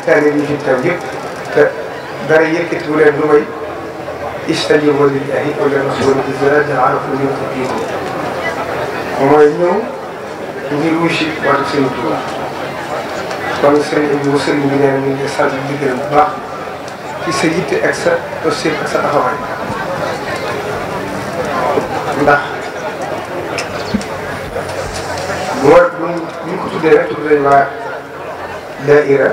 mbokki taalibe yi fi teew yëpp te dara yëkkatiwu leen lu may istajiibu lillaahi wa lirrasuuli izaa da'aakum limaa tuhyiihi mooy ñëw ngir wuyu si wàllu Sëriñ Tuubaa kon Serigne Ibou Serigne bi nee na ñu ngi sant di gërëm bu baax ci sa yitte ak sa aussi ak sa taxawaay ndax bu war bu ñu ko tuddee rek tuddee waa daayira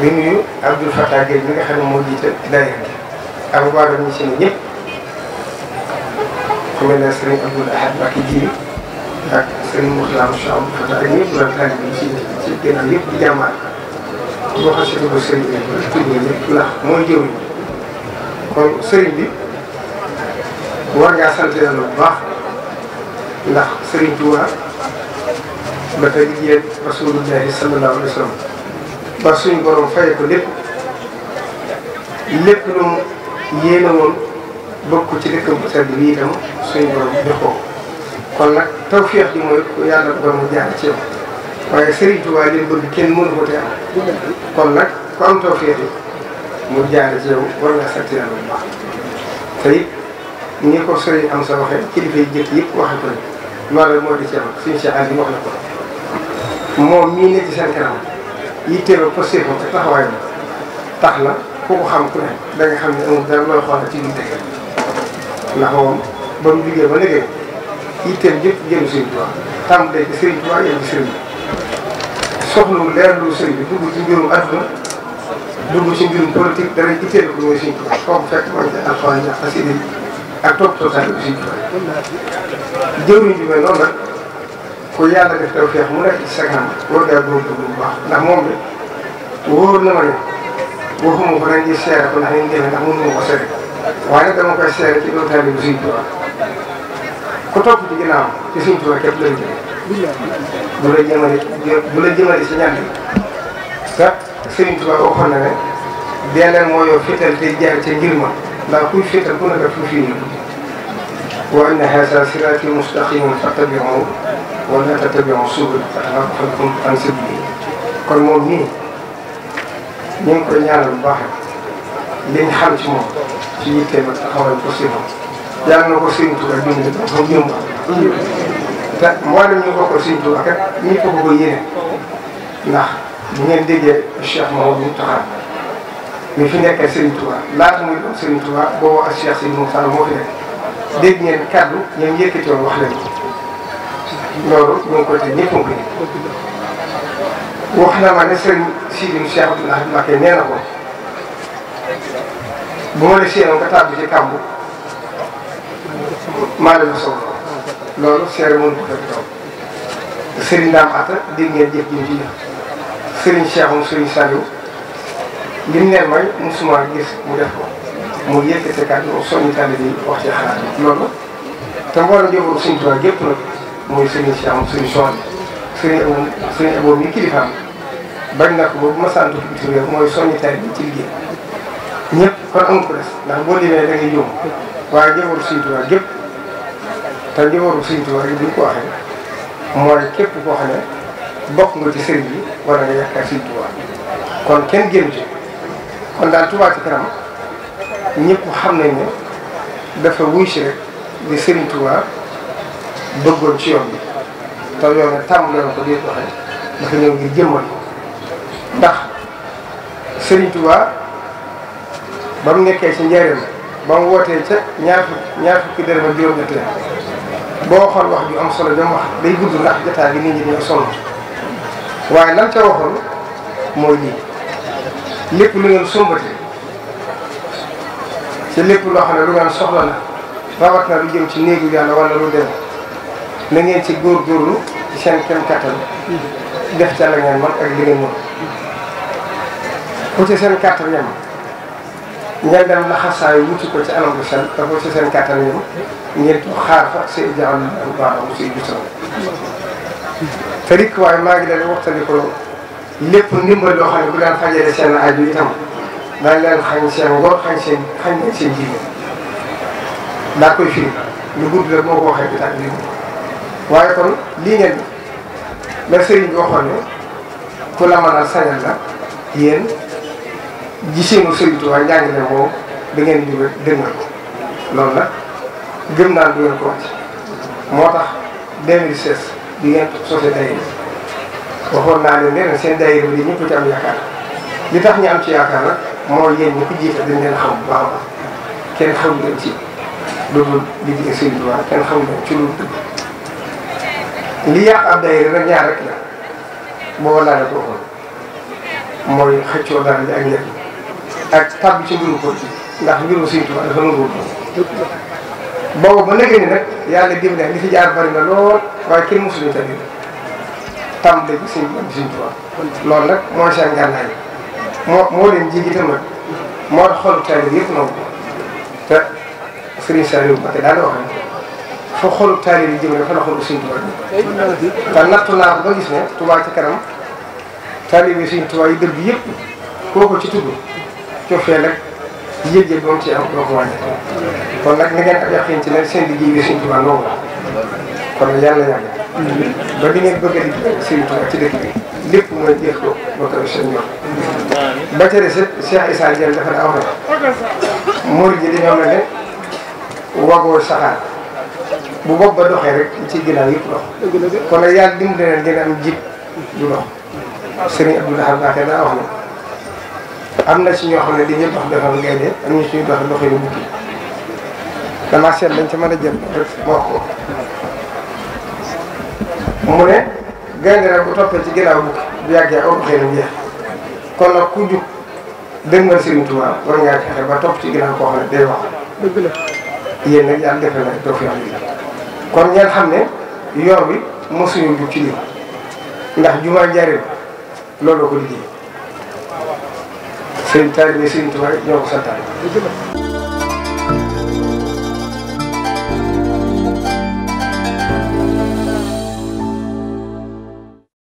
di nuyu Abdoul Fattah Gueye mi nga xam ne moo jiite daayira bi ak waa doon ñu si ne ñëpp ku mel ne Serigne Abdoul Ahad Mbacké Djili ak Serigne Mourtala Moussa Abdoul Fattah ak ñëpp doon tànn ci ci ginnaaw yëpp di jàmbaar boo xasee ko Serigne bi ba tudd ñëpp ndax mooy jëwriñ kon Serigne bi war ngaa sant yàlla baax ndax Serigne Touba ba tey jii Rasulullahi sallallahu alayhi wa ba suñ borom fay ko lépp lépp lu mu yéene ci dëkkam bu tedd bi itam suñu borom jox ko kon nag tawfeex bi mooy ku yàlla borom ko kon nag ku am tawfeex yi mu jaar ci yow yàlla bu baax te it ko sori am sa yi jëkk ko loolu moo di ci am bi mii ne ci seen yittee ba posté ko taxawaay bi tax na ku ko xam ku ne da xam ne amul dara looy xool ci yitte ndax moom ba mu liggéey ba liggéey yitteem yëpp jëm Sëriñ Tuubaa tam day ci Sëriñ Tuubaa yem ci sëriñ bi soxlu leer lu sëriñ bi dugg ci mbirum adduna dugg ci mbirum politique dara yitteel ko mooy Sëriñ Tuubaa fekk mooy ci alxuraan ak xasida ak topp total bi Sëriñ Tuubaa jëwriñ bi mel noonu nag ku yàlla def taw feex mu nekk ci sa kanam war ngaa góorgóorlu bu baax ndax moom bi wóor na ma ne waxuma ko nañ ci seere ko ndax nañ demee ndax mënu ma ko seere waaye nag dama koy seere ci doon taalibu Sëriñ Tuubaa ku topp ci ginnaaw ci Sëriñ Tuubaa képp lañ jëm bu la jëmale bu la jëmale ci ñant yi sax Sëriñ Tuubaa waxoon na ne dee leen moo yor te jaar ca ngir ma ndax kuy féetal ku nekk fu fii waaye ne xeesa siraati mustaqiman fattabi'uhu wala tattabi'u subul fatanaffalakum an sabiilihi kon moom nii ñu ngi koy ñaanal bu baax liñ moom ci yitteem ak taxawal ko si moom. yàlla na ko Serigne Touba dundee ba mu jëm te mboolem ñu bokkal Serigne Touba kat ñi ko a yéene ndax bu ngeen déggee Cheikh Maodo Moutakha mi fi nekkee Serigne Touba laata boo ak Cheikh Serigne Moussa moo fi nekk dégg ngeen kaddu ñoom yëkkati woon wax leen ko. loolu ñu ngi koy te ñëpp a ngi wax na ma ne sëriñ Sidi Cheikh Abdoulaye Mbacke nee na ko bu ma la séenoo nga tàbbi ci kàmb maa leen sow loolu seere mënu ko def taw sëriñ Dame Atta dégg ngeen jëf ji fi sëriñ Cheikh moom sëriñ Saliou li mu ne mooy gis mu def ko mu yëkkati kàddu soññi tànn bi wax ci xalaat loolu te mboolem jëfandu suñu tubaab yëpp nag. muy sëriñ si am suñu soxla sëriñ amoon sëriñ amoon ni kilifaam bañ na ko ba bu ma sant fi réew mooy soññi tari bi ci liggéey ñëpp kon amu ko des ndax boo limee da ngay yóbbu waaye njëwaru Sëriñ Tuubaa gépp te njëwaru Sëriñ ko waxee mooy képp koo xam ne ci sëriñ bi wala nga yaakaar Sëriñ Tuubaa kon kenn génn ci kon daal Tuubaa ci kanam ñëpp xam nañ ne dafa wuy si rek di Sëriñ Tuubaa bëggoon ci yoon bi te yow nag tàmm leen ko di doxee dafa ñëw ngir jëmmal ko ndax Serigne ba mu nekkee ci njëriñ ba mu wootee ca ñaar fukki ñaar fukki dërëm ak juróom boo xool wax ju am solo jam wax day gudd ndax jotaay bi nit ñi dañoo sonn waaye lan ca waxoon mooy lii lépp lu ngeen sombati ci lépp loo xam ne lu ngeen soxla la rawat na lu jëm ci néegu yàlla wala lu dem na ngeen ci góorgóorlu ci seen kem kattan def ca la ngeen man ak li ngeen mën ku ci seen kattan yem ngeen dem laxasaay wuti ko ci anam bu sell te ku seen kattan yem ngeen toog xaar fa say jaam ak baaxam say bisam te rikk waaye maa ngi leen waxtali ko lépp ndimbal loo xam ne bu fajale seen aju itam daañu leen xañ seen ngor xañ seen xañ leen seen jiw daa koy firi lu gudd rek moo ko waxee bi tax waaye kon lii ngeen la sëriñ waxoon ne ku la mën a sañal la yéen giseenu sëriñ Tuubaa njàngale boobu da ngeen di dégg na ko loolu nag gëm naa du ngeen ko wàcc moo tax 2016 di ngeen sosé daayira waxoon naa leen ne seen daayira bi ñëpp ci am yaakaar li tax ñu am ci yaakaar nag mooy yéen ñi ko jiite dañ leen xam bu baax a baax kenn xamu leen ci loolu liggéey sëriñ Tuubaa kenn xamu leen ci lu dëgg li yàq ab daayira rek ñaar rek la boo laale ko waxoon mooy xëccoo dara ji ak ñett ak ci mbiru ko ndax mbiru Sëriñ Tuubaa ba léegi ni nag yàlla dim ne li fi jaar bari na lool waaye kenn mosuñu tamit tam léegi Sëriñ Sëriñ Tuubaa loolu nag mooy seen gànnaay moo moo leen jigi itam nag moo tax xolu tali yëpp nangu ko te Sëriñ Saliou Mbacké daal wax fa xolub taalibe yi jëmee dafa la xolub Sëriñ Tuubaa bi natt naa ba gis ne Tuubaa ci kanam taalibe yi Sëriñ Tuubaa yi dëgg yëpp kooku ci tudd cofee nag yëg-yëg ba mu ci am doo ko wàññi kon nag na ngeen ak yaqin ci ne seen liggéey bi Sëriñ Tuubaa noonu la kon yàlla yàlla ba li ngeen bëgg a liggéey Sëriñ Tuubaa ci dëkk bi lépp mooy jeex ko ba ko seen yoon ba ca des Cheikh Issa Diène dafa ne aw na murid yi dañoo mel ne wagoo saxaar bu bopp ba doxee rek ci ginnaaw yëpp dox. kon nag yàlla dimbali leen am jiit du dox. sëriñ Abdou Lahad Mbacké daa wax ne am na ci ñoo xam ne dañuy dox doxal gaynde am na ci ñuy doxee bu bukki damaa seet lañ ca mën a jël rek ma ne gaynde bu toppee ci ginnaaw bu yàggee aw doxee na jeex kon nag ku jug ba topp ci ginnaaw ko xam ne day wax. dëgg la yéen nag yàlla defal na doo fi kon ngeen xam ne yor bi mosuñu bu ci lii ndax jumaa njariñ loolu ko liggéey seen taalibe seen tubaab ñoo ko santaane